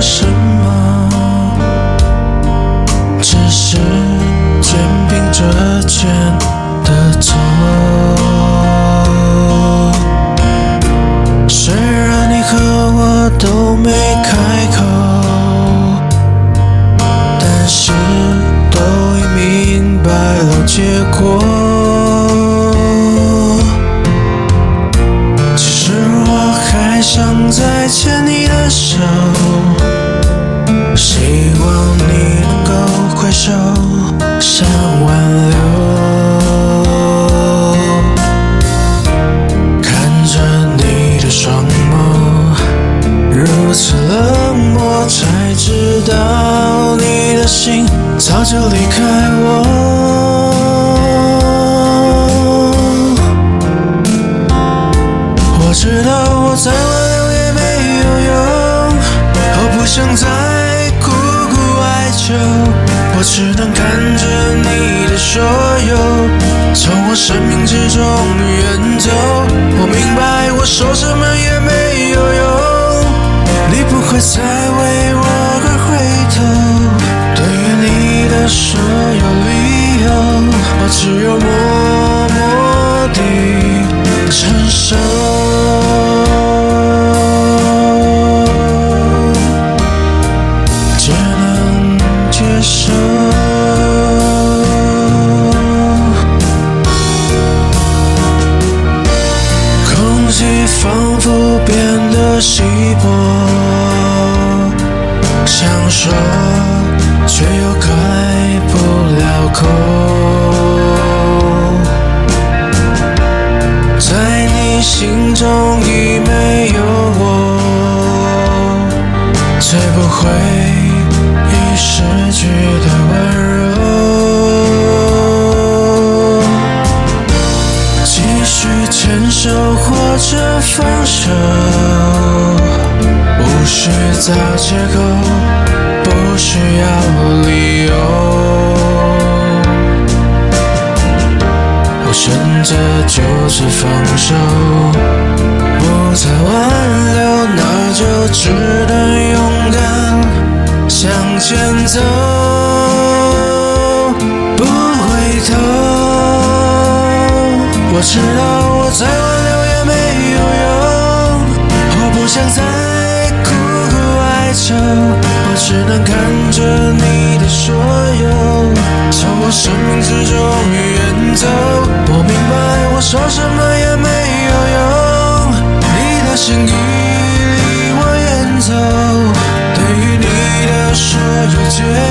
什麼？只是肩併着肩的走。雖然你和我都沒開口，但是都已明白了結果。其實我還想再牽你的手。想挽留，看着你的雙眸如此冷漠，才知道你的心早就離開我。我知道我再挽留也沒有用，我不想再。哀求，我只能看着你的所有從我生命之中遠走。我明白，我說什麼也沒有用，你不會再為我而回頭。對於你的所有理由，我只有默。仿佛變得稀薄，想說卻又開不了口，在你心中已沒有我，追不回已逝去的溫柔，繼續牽手或。這放手，不需找借口，不需要理由。我選擇就此放手，不再挽留，那就只能勇敢向前走，不回頭。我知道，我。只能看着你的所有從我生命之中遠走。我明白，我說什麼也沒有用，你的心已離我遠走。對於你的所有。